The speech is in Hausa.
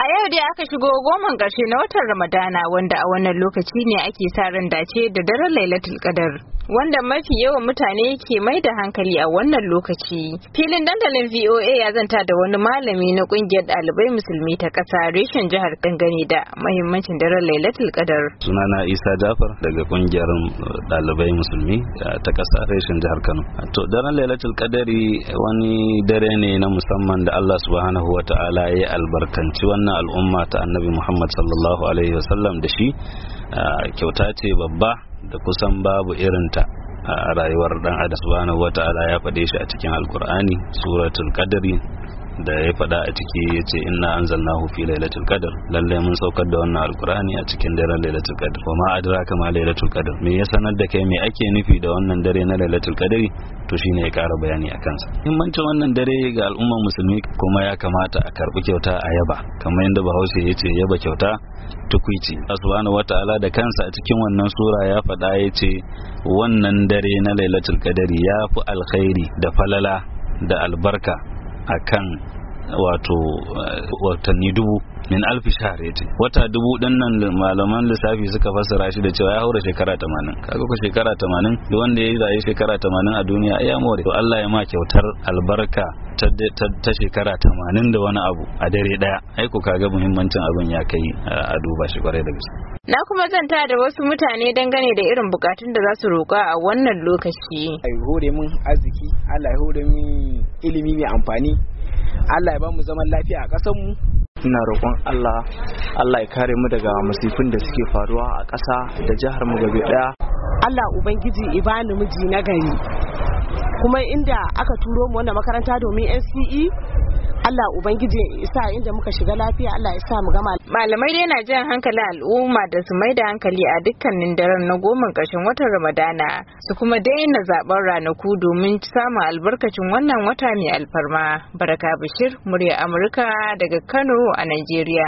A yau dai aka shigo goman ƙarshe na watan Ramadana wanda a wannan lokaci ne ake sa ran dace da daren Lailatul Qadar. Wanda mafi yawan mutane ke mai da hankali a wannan lokaci. Filin dandalin VOA ya zanta da wani malami na kungiyar ɗalibai musulmi ta ƙasa reshen jihar Kangane da mahimmancin daren Lailatul Qadar. Sunana Isa Jafar daga kungiyar eh, ɗalibai musulmi eh, ta ƙasa reshen jihar Kano. To daren Lailatul Qadari wani dare ne na musamman da Allah subhanahu wata'ala ya albarkanci wannan wannan al'umma ta annabi muhammad sallallahu alaihi wasallam da shi kyauta ce babba da kusan babu irinta a rayuwar dan adam subhanahu wata'ala ya faɗe shi a cikin alkur'ani suratul qadri da ya faɗa a ciki ya ce inna anzalnahu fi lailatul qadr lalle mun saukar da wannan alqur'ani a cikin daren lailatul qadr kuma adraka ma lailatul qadr me ya sanar da kai me ake nufi da wannan dare na lailatul qadri to shine ya ƙara bayani a kansa muhimmancin wannan dare ga al'ummar musulmi kuma ya kamata a karɓi kyauta a yaba kamar yadda bahaushe ya ce yaba kyauta tukwici subhanahu wata'ala da kansa a cikin wannan sura ya faɗa ya ce wannan dare na lailatul qadari ya fi alkhairi da falala da albarka akan wato eh, watanni dubu min alfi yace wata dubu din nan malaman lissafi suka fassara shi da cewa ya haura shekara tamanin kaga ko shekara tamanin duk wanda ya yi shekara tamanin a duniya ya more to Allah ya ma kyautar albarka ta shekara tamanin da wani abu a dare daya ai ko kaga muhimmancin abun ya kai eh, a duba shi kwarai da gaske na kuma zan zanta da wasu mutane dangane da irin bukatun da za su roƙa a wannan lokaci ai hore min arziki Allah ya hore min ilimi mai amfani Allah ya ba zaman lafiya a ƙasar mu ina roƙon Allah Allah ya kare mu daga masifin da suke faruwa a ƙasa da jihar mu gabe ɗaya Allah ubangiji ibani miji na gari kuma inda aka turo mu wannan makaranta domin sce Allah ubangiji isa inda muka shiga lafiya Allah ya mu gama malamai dai na jan hankalin al'umma da su mai da hankali a dukkanin daren na goma ƙarshen watan Ramadana su kuma daina zaben ranaku domin samun albarkacin wannan wata mai alfarma baraka Bishir murya Amurka daga Kano a Najeriya